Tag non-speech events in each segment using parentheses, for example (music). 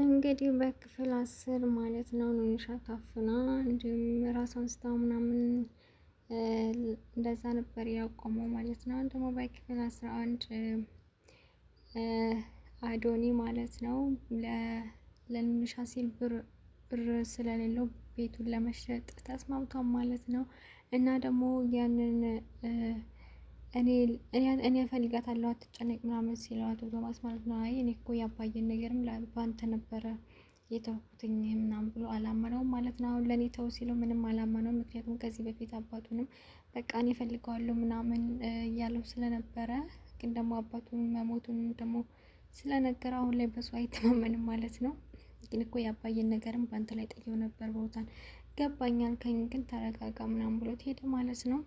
እንግዲህ በክፍል አስር ማለት ነው ኑንሻ ታፍና እንዲሁም ራሷን ስታ ምናምን እንደዛ ነበር ያቆመው ማለት ነው። ደግሞ በክፍል አስራ አንድ አዶኒ ማለት ነው ለኑንሻ ሲል ብር ብር ስለሌለው ቤቱን ለመሸጥ ተስማምቷል ማለት ነው እና ደግሞ ያንን እኔ እፈልጋታለሁ አትጨነቅ ምናምን ሲለው አቶ ቶማስ ማለት ነው። አይ እኔ እኮ ያባየን ነገርም በአንተ ነበረ የተውኩትኝ ምናምን ብሎ አላመነውም ማለት ነው። አሁን ለእኔ ተው ሲለው ምንም አላመነውም። ምክንያቱም ከዚህ በፊት አባቱንም በቃ እኔ እፈልገዋለሁ ምናምን እያለው ስለነበረ ግን ደግሞ አባቱን መሞቱን ደግሞ ስለነገረ አሁን ላይ በሱ አይተማመንም ማለት ነው። ግን እኮ ያባየን ነገርም በአንተ ላይ ጥየው ነበር ቦታን ገባኛል ከኝ ግን ተረጋጋ ምናምን ብሎት ሄደ ማለት ነው።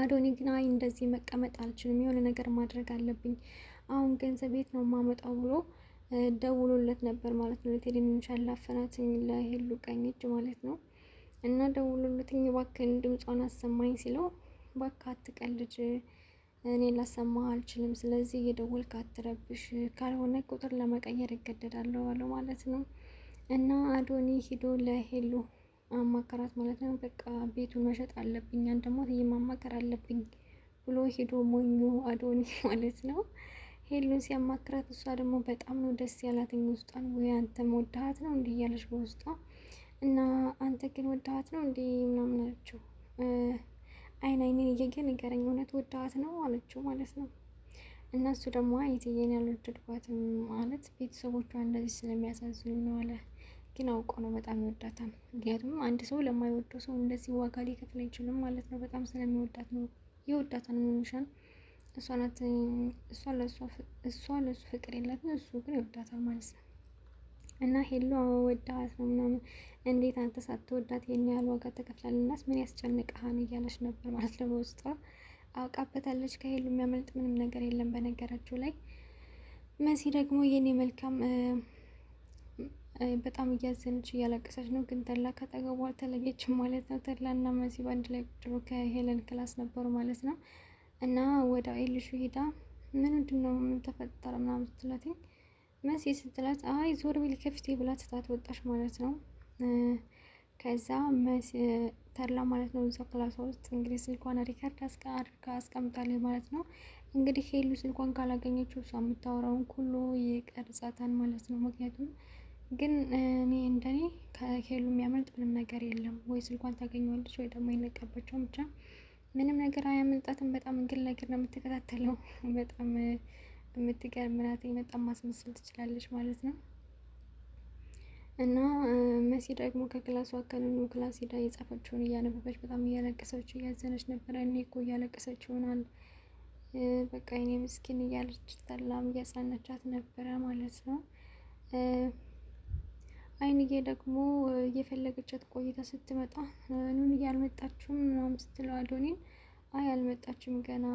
አዶኒ ግን አይ እንደዚህ መቀመጥ አልችልም፣ የሆነ ነገር ማድረግ አለብኝ፣ አሁን ገንዘብ የት ነው ማመጣው ብሎ ደውሎለት ነበር ማለት ነው። ለቴሌቪዥን ሻላፈናትኝ ለሄሉ ቀኝ እጅ ማለት ነው። እና ደውሎለትኝ እባክህን ድምጿን አሰማኝ ሲለው እባክህ አትቀልድ፣ እኔ ላሰማ አልችልም፣ ስለዚህ እየደወልክ አትረብሽ፣ ካልሆነ ቁጥር ለመቀየር እገደዳለሁ አለው ማለት ነው። እና አዶኒ ሂዶ ለሄሉ አማከራት ማለት ነው። በቃ ቤቱን መሸጥ አለብኝ፣ ያን ደግሞ እትዬ ማማከር አለብኝ ብሎ ሄዶ ሞኙ አዶኒ (laughs) ማለት ነው ሄሉን ሲያማክራት፣ እሷ ደግሞ በጣም ነው ደስ ያላትኝ ውስጧን። ወይ አንተም ወድሃት ነው እንዲህ እያለች በውስጧ እና አንተ ግን ወዳሃት ነው እንዲህ ምናምን አለችው። አይን አይኔን እየየ ንገረኝ፣ እውነት ወዳሃት ነው አለችው ማለት ነው። እና እሱ ደግሞ አይትዬን ያልወደድኳትም ማለት ቤተሰቦቿ እንደዚህ ስለሚያሳዝኑ ነው አለ። ግን አውቆ ነው በጣም ይወዳታል። ምክንያቱም አንድ ሰው ለማይወደው ሰው እንደዚህ ዋጋ ሊከፍል አይችልም ማለት ነው። በጣም ስለሚወዳት ነው ይወዳታል። ሚኒሻን እሷ እሷ ለእሱ ፍቅር የላትም፣ እሱ ግን ይወዳታል ማለት ነው። እና ሄሎ ወዳት ነው ምናምን እንዴት አንተ ሳትወዳት ይህን ያህል ዋጋ ተከፍላለናስ ምን ያስጨንቅሃን እያለች ነበር ማለት ነው። በውስጧ አውቃበታለች። ከሄሉ የሚያመልጥ ምንም ነገር የለም። በነገራችሁ ላይ መሲ ደግሞ የኔ መልካም በጣም እያዘነች እያለቀሰች ነው። ግን ተላ ከጠገቧ አልተለየችም ማለት ነው። ተላ እና መሲ በአንድ ላይ ቁጭ ብሎ ከሄለን ክላስ ነበሩ ማለት ነው። እና ወደ አይልሹ ሄዳ ምንድን ነው ምን ተፈጠረ ምናምን ስትላት መሲ ስትላት አይ ዞር ቢል ከፊቴ ብላ ትታት ወጣች ማለት ነው። ከዛ ተላ ማለት ነው እዛ ክላሷ ውስጥ እንግዲህ ስልኳን ሪከርድ አድርጋ አስቀምጣለች ማለት ነው። እንግዲህ ሄሉ ስልኳን ካላገኘችው እሷ የምታወራውን ሁሉ ይቀርጻታል ማለት ነው ምክንያቱም ግን እኔ እንደኔ ከሄሉ የሚያመልጥ ምንም ነገር የለም። ወይ ስልኳን ታገኘዋለች ወይ ደግሞ አይነቀባቸውም። ብቻ ምንም ነገር አያመልጣትም። በጣም ግል ነገር ነው የምትከታተለው። (laughs) በጣም የምትገርም ናት። በጣም ማስመሰል ትችላለች ማለት ነው። እና መሲ ደግሞ ከክላሱ አካልኑ ክላስ ሄዳ የጻፈችውን እያነበበች በጣም እያለቀሰች እያዘነች ነበረ። እኔ እኮ እያለቀሰች ይሆናል በቃ የኔ ምስኪን እያለች ሰላም እያጽናናቻት ነበረ ማለት ነው። አይንዬ ደግሞ እየፈለገቻት ቆይታ ስትመጣ ኑንዬ አልመጣችሁም ምናምን ስትለው አዶኒን አይ አልመጣችም ገና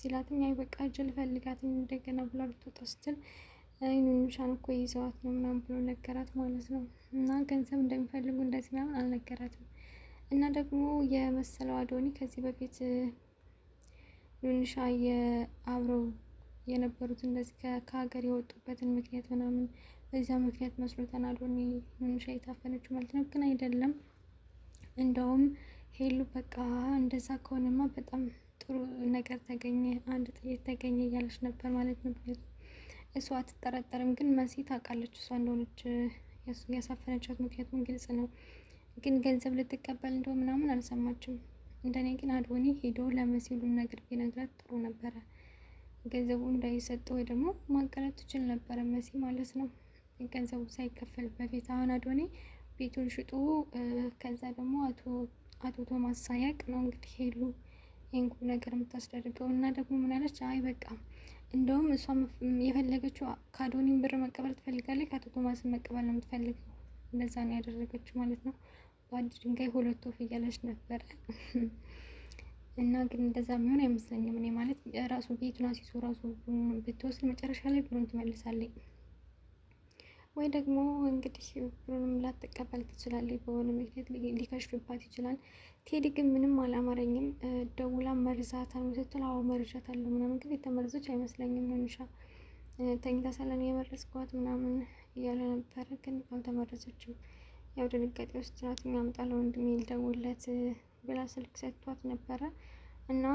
ሲላትኝ አይ በቃ ጅል ፈልጋትም እንደገና ብላ ብትወጣ ስትል ኑኑሻን እኮ ይዘዋት ነው ምናምን ብሎ ነገራት ማለት ነው። እና ገንዘብ እንደሚፈልጉ እንደዚህ ምናምን አልነገራትም። እና ደግሞ የመሰለው አዶኒ ከዚህ በፊት ኑንሻ አብረው የነበሩት እንደዚህ ከሀገር የወጡበትን ምክንያት ምናምን በዚያ ምክንያት መስሎተን አዶኒ ምንሻ የታፈነችው ማለት ነው። ግን አይደለም። እንደውም ሄሉ በቃ እንደዛ ከሆነማ በጣም ጥሩ ነገር ተገኘ፣ አንድ ጥይት ተገኘ እያለች ነበር ማለት ነው። እሷ አትጠረጠርም፣ ግን መሲ ታውቃለች እሷ እንደሆነች ያሳፈነቻት። ምክንያቱም ግልጽ ነው። ግን ገንዘብ ልትቀበል እንደው ምናምን አልሰማችም። እንደኔ ግን አድሆኒ ሄዶ ለመሲ ሁሉን ነገር ቢነግራት ጥሩ ነበረ። ገንዘቡ እንዳይሰጥ ወይ ደግሞ ማቀረት ትችል ነበረ መሲ ማለት ነው። ገንዘቡ ሳይከፈል በፊት አሁን አዶኔ ቤቱን ሽጡ። ከዛ ደግሞ አቶ ቶማስ ሳያቅ ነው እንግዲህ ሄሉ ይህን ቁም ነገር የምታስደርገው እና ደግሞ ምናለች አይ በቃ እንደውም እሷ የፈለገችው ከአዶኒም ብር መቀበል ትፈልጋለች፣ ከአቶ ቶማስን መቀበል ነው የምትፈልገው። እንደዛ ነው ያደረገችው ማለት ነው። በአንድ ድንጋይ ሁለት ወፍ እያለች ነበረ እና ግን እንደዛ የሚሆን አይመስለኝም እኔ ማለት ራሱ ቤቱን አሲሶ ራሱ ብትወስድ መጨረሻ ላይ ብሩን ትመልሳለች። ወይ ደግሞ እንግዲህ ብሩንም ላትቀበል ትችላለች። በሆነ ምክንያት ሊከሽፍባት ይችላል። ቴዲ ግን ምንም አላማረኝም፣ ደውላ መርዛታል ምስትል አዎ መርዣታለሁ ምናምን፣ ግን የተመረዘች አይመስለኝም ሆንሻ ተኝታ ሳለን የመረዝኳት ምናምን እያለ ነበረ፣ ግን አልተመረዘችም። ያው ድንጋጤ ውስጥ ናት። የሚያምጣ ለወንድሜ ልደውልለት ብላ ስልክ ሰጥቷት ነበረ እና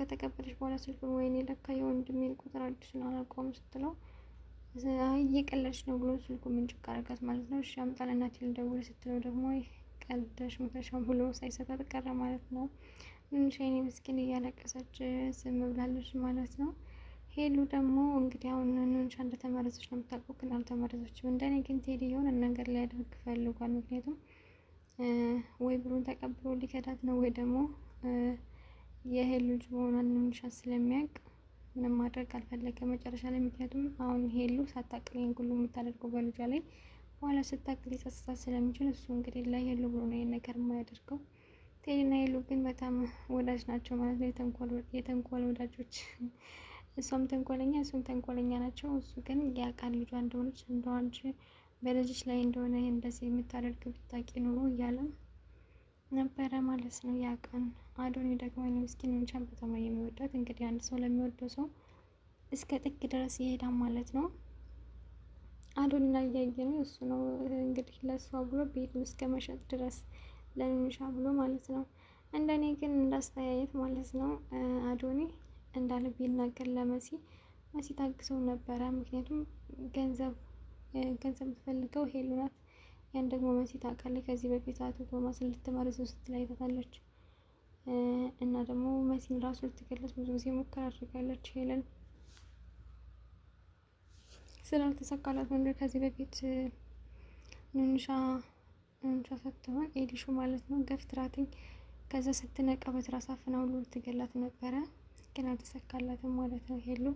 ከተቀበለች በኋላ ስልኩን ወይኔ ለካ የወንድሜን ቁጥር አዲሱን አላውቀውም ስትለው እየቀለድሽ ነው ብሎ ስልኩ ምንጭቅ አደረጋት ማለት ነው። እሺ አምጣ ለእናቴ ልደውል ስትለው ደግሞ ቀልደሽ መተሻ ብሎ ሳይሰጣት ቀረ ማለት ነው። ምንሽ አይኔ ምስኪን እያለቀሰች ዝም ብላለች ማለት ነው። ሄሉ ደግሞ እንግዲህ አሁን ንንሻ እንደተመረዘች ነው የምታውቀው፣ ግን አልተመረዘችም። እንደኔ ግን ቴዲ የሆነ ነገር ሊያደርግ ፈልጓል። ምክንያቱም ወይ ብሩን ተቀብሎ ሊከዳት ነው ወይ ደግሞ የሄሉ ልጅ መሆኗን ንንሻ ስለሚያውቅ ምንም ማድረግ አልፈለገ መጨረሻ ላይ። ምክንያቱም አሁን ሄሉ ሳታቅል ይህን ሁሉ የምታደርገው በልጇ ላይ በኋላ ስታቅል ሊጸጽታት ስለሚችል እሱ እንግዲህ ላይ ሄሉ ብሎ ነው ይህን ነገር የማያደርገው። ቴዲና ሄሉ ግን በጣም ወዳጅ ናቸው ማለት ነው፣ የተንኮል ወዳጆች። (laughs) እሷም ተንኮለኛ እሱም ተንኮለኛ ናቸው። እሱ ግን ያውቃል ልጇ እንደሆነች እንደዋንች በልጅሽ ላይ እንደሆነ ይህን እንደዚህ የምታደርግ ብታቂ ኑሮ እያለም ነበረ ማለት ነው። ያ ቀን አዶኒ ደግሞ ይህን ምስኪን ቻን በጣም የሚወዳት እንግዲህ አንድ ሰው ለሚወደው ሰው እስከ ጥግ ድረስ ይሄዳል ማለት ነው። አዶኒ ላይ እያየ ነው እሱ ነው እንግዲህ ለእሷ ብሎ ቤቱን እስከ መሸጥ ድረስ ለሚሻ ብሎ ማለት ነው። እንደኔ ግን እንዳስተያየት ማለት ነው አዶኒ እንዳለ ቢናገር ለመሲ መሲ ታግሰው ነበረ። ምክንያቱም ገንዘብ ገንዘብ የምትፈልገው ሄሉ ናት። ያን ደግሞ መሲ ታውቃለች። ከዚህ በፊት አቶ ቶማስ ልትመርዘው ስትላይ ታታለች እና ደግሞ መሲን ራሱ ልትገለጽ ብዙ ጊዜ ሙከራ አድርጋለች ሄለን ስላልተሳካላት ወንድ ከዚህ በፊት ንንሻ ንንሻ ሰጥተሆን ኤዲሹ ማለት ነው ገፍትራትኝ ከዛ ስትነቃ በትራስ አፍና ሁሉ ልትገላት ነበረ፣ ግን አልተሳካላትም ማለት ነው። ሄሉ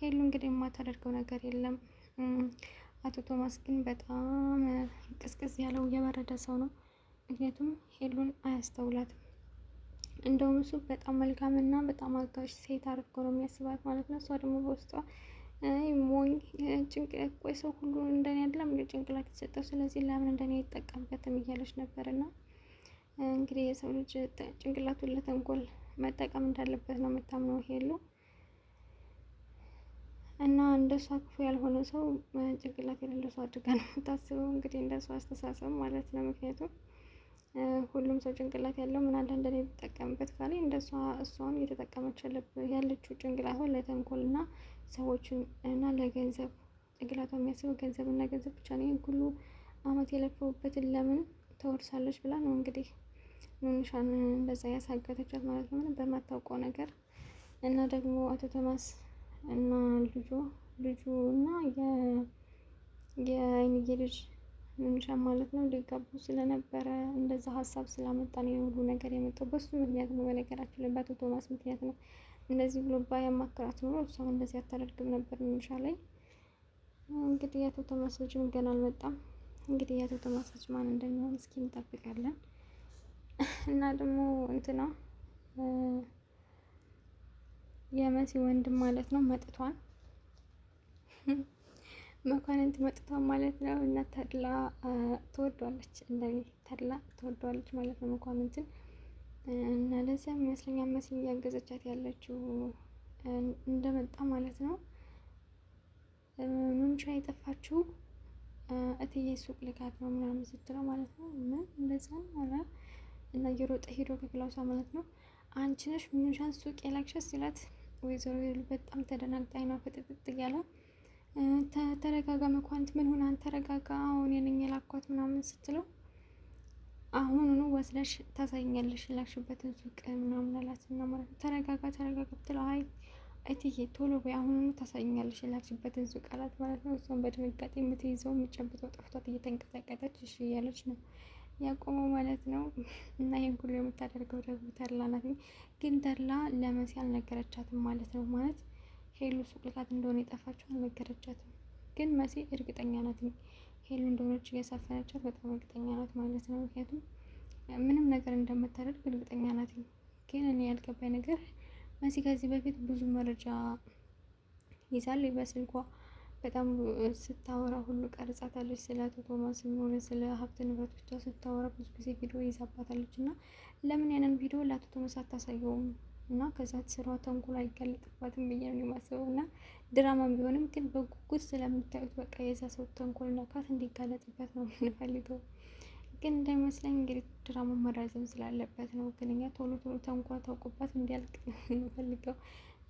ሄሉ እንግዲህ የማታደርገው ነገር የለም። አቶ ቶማስ ግን በጣም ቅዝቅዝ ያለው የበረደ ሰው ነው። ምክንያቱም ሄሉን አያስተውላትም። እንደውም እሱ በጣም መልካም እና በጣም አጋዥ ሴት አድርጎ ነው የሚያስባት ማለት ነው። እሷ ደግሞ በውስጧ ሞኝ ጭንቅላት፣ ቆይ ሰው ሁሉ እንደኔ አይደለም ጭንቅላት የተሰጠው ስለዚህ ለምን እንደኔ አይጠቀምበትም እያለች ነበር እና እንግዲህ የሰው ልጅ ጭንቅላቱን ለተንኮል መጠቀም እንዳለበት ነው የምታምነው ሄሉ። እና እንደ እንደሷ ክፉ ያልሆነ ሰው ጭንቅላት የሌለው ሰው አድርጋ ነው የምታስበው። እንግዲህ እንደ እንደሷ አስተሳሰብ ማለት ነው። ምክንያቱም ሁሉም ሰው ጭንቅላት ያለው ምን አለ እንደኔ ቢጠቀምበት ካለ እንደሷ እሷን እየተጠቀመች ያለችው ጭንቅላቷን ለተንኮል እና ሰዎችን እና ለገንዘብ ጭንቅላቷ የሚያስበው ገንዘብ እና ገንዘብ ብቻ ነው። ይህን ሁሉ አመት የለፈውበትን ለምን ተወርሳለች ብላ ነው እንግዲህ ኑንሻን እንደዛ ያሳገተቻት ማለት ነው በማታውቀው ነገር እና ደግሞ አቶ ቶማስ እና ልጁ ልጁ እና የአይንዬ ልጅ ምንሻ ማለት ነው ሊጋቡ ስለነበረ እንደዛ ሀሳብ ስላመጣ ነው የሁሉ ነገር የመጣው። በሱ ምክንያት ነው፣ በነገራችን ላይ በአቶ ቶማስ ምክንያት ነው። እንደዚህ ብሎ ባያማክራት ኖሮ እሷም እንደዚህ አታደርግም ነበር ምንሻ ላይ። እንግዲህ የአቶ ቶማስ ልጅም ገና አልመጣም። እንግዲህ የአቶ ቶማስ ልጅ ማን እንደሚሆን እስኪ እንጠብቃለን እና ደግሞ እንትና የመሲ ወንድም ማለት ነው መጥቷን (laughs) መኳንንት መጥቷን ማለት ነው። እና ተድላ ትወዷለች፣ እንደኔ ተድላ ትወዷለች ማለት ነው መኳንንትን እና ለዚያ ይመስለኛል መሲ እያገዘቻት ያለችው እንደመጣ ማለት ነው። ኑንቻ የጠፋችው እትዬ ሱቅ ልካት ነው ምናምን ስትለው ማለት ነው። እና እንደዛ ሆነ እና እየሮጠ ሄዶ ከክላውሳ ማለት ነው አንቺ ነሽ ኑንሻን ሱቅ የላክሸት ሲላት ወይዘሮ ሄሉ በጣም ተደናግጣ አይኗ ፍጥጥጥ እያለ ተረጋጋ መኳንንት፣ ምን ሆናን? ተረጋጋ፣ አሁን የነኝ የላኳት ምናምን ስትለው አሁኑኑ ወስደሽ ታሳይኛለሽ የላክሽበትን ሱቅ ምናምን አላት እና ማለት ነው። ተረጋጋ ተረጋጋ ብትለው አይ እትዬ ቶሎ በይ አሁኑኑ ታሳይኛለሽ የላክሽበትን ሱቅ አላት ማለት ነው። እሷን በድንጋጤ የምትይዘው የምትጨብጠው ጠፍቷት እየተንቀጠቀጠች እሺ እያለች ነው ያቆመው ማለት ነው። እና ይህን ሁሉ የምታደርገው ደግሞ ተድላ ናት። ግን ተላ ለመሲ አልነገረቻትም ማለት ነው። ማለት ሄሉ ሱቅ ልካት እንደሆነ የጠፋችው አልነገረቻትም። ግን መሲ እርግጠኛ ናት ሄሉ እንደሆነች እያሳፈነቻት በጣም እርግጠኛ ናት ማለት ነው። ምክንያቱም ምንም ነገር እንደምታደርግ እርግጠኛ ናት። ግን እኔ ያልገባኝ ነገር መሲ ከዚህ በፊት ብዙ መረጃ ይዛል በስልኳ በጣም ስታወራ ሁሉ ቀርጻታለች። ስለ አቶ ቶማስም ሆነ ስለ ሀብት ንብረቶቿ ስታወራ ብዙ ጊዜ ቪዲዮ ይዛባታለች እና ለምን ያንን ቪዲዮ ለአቶ ቶማስ አታሳየውም እና ከዛ ስሯ ተንኮል አይጋለጥባትም ብዬ ነው የማስበው። እና ድራማም ቢሆንም ግን በጉጉት ስለምታዩት በቃ የዛ ሰው ተንኮል ነካት እንዲጋለጥበት ነው የምንፈልገው። ግን እንዳይመስለኝ እንግዲህ ድራማ መራዘም ስላለበት ነው። ግን እኛ ቶሎ ቶሎ ተንኮል ታውቁባት እንዲያልቅ ነው የምንፈልገው።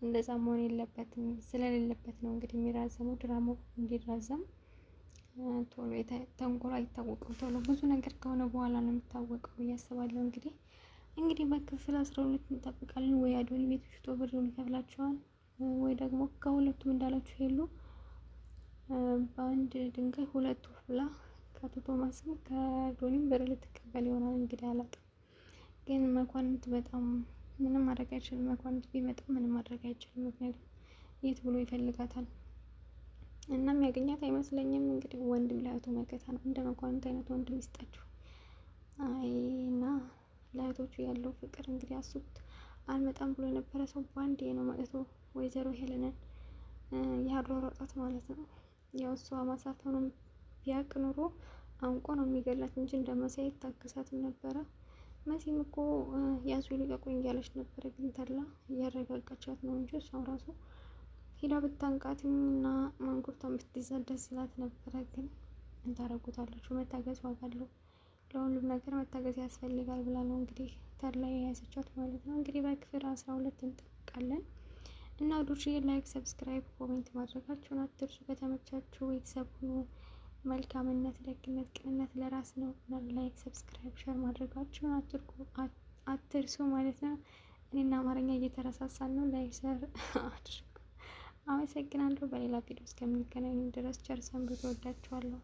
እንደዛ መሆን የለበትም። ስለሌለበት ነው እንግዲህ የሚራዘመው ድራማው እንዲራዘም ቶሎ ተንኮል አይታወቅም። ቶሎ ብዙ ነገር ከሆነ በኋላ ነው የሚታወቀው እያስባለሁ እንግዲህ እንግዲህ በክፍል አስራ ሁለት እንጠብቃለን። ወይ አዶን ቤት ሽጦ ብሩን ይከፍላቸዋል፣ ወይ ደግሞ ከሁለቱም እንዳላችሁ የሉ በአንድ ድንጋይ ሁለት ወፍ ብላ ከአቶ ቶማስም ከአዶኒም ብር ልትቀበል ይሆናል። እንግዲህ አላውቅም፣ ግን መኳንንት በጣም ምንም ማድረግ አይችልም። መኳንንት ቢመጣ ምንም ማድረግ አይችልም። ምክንያቱም የት ብሎ ይፈልጋታል። እናም ያገኛት አይመስለኝም። እንግዲህ ወንድም ለእህቱ መከታ ነው። እንደ መኳንንት አይነት ወንድም ይስጣችሁ። አይና ለእህቶቹ ያለው ፍቅር እንግዲህ አስቡት። አልመጣም ብሎ የነበረ ሰው በአንድ ነው መጥቶ ወይዘሮ ሄለንን ያሯሯጣት ማለት ነው። ያው እሷ ማሳፈኑን ቢያቅ ኑሮ አንቆ ነው የሚገላት እንጂ እንደመሳየት ታግሳትም ነበረ። መሲም እኮ ያዙ ልቀቁኝ እያለች ነበረ፣ ግን ተላ እያረጋጋቻት ነው እንጂ እሷም ራሱ ሂዳ ብታንቃትም እና ማንቁርቷን ብትይዛት ደስ ይላት ነበረ። ግን እንታረጉታለች፣ መታገዝ ዋጋ አለው፣ ለሁሉም ነገር መታገዝ ያስፈልጋል ብላ ነው እንግዲህ ተላ የያዘቻት ማለት ነው። እንግዲህ በክፍል አስራ ሁለት እንጠብቃለን እና ዱች ላይክ፣ ሰብስክራይብ፣ ኮሜንት ማድረጋችሁን አትርሱ። ከተመቻችሁ ቤተሰብ ሁኑ። መልካምነት፣ ደግነት፣ ቅንነት ለራስ ነው። ላይክ፣ ሰብስክራይብ፣ ሸር ማድረጋችሁን አትርሱ ማለት ነው። እኔና አማርኛ እየተረሳሳን ነው። ላይክ ሸር አድርጉ። አመሰግናለሁ። በሌላ ቪዲዮ እስከምንገናኝ ድረስ ቸር ሰንብቱ። እወዳችኋለሁ።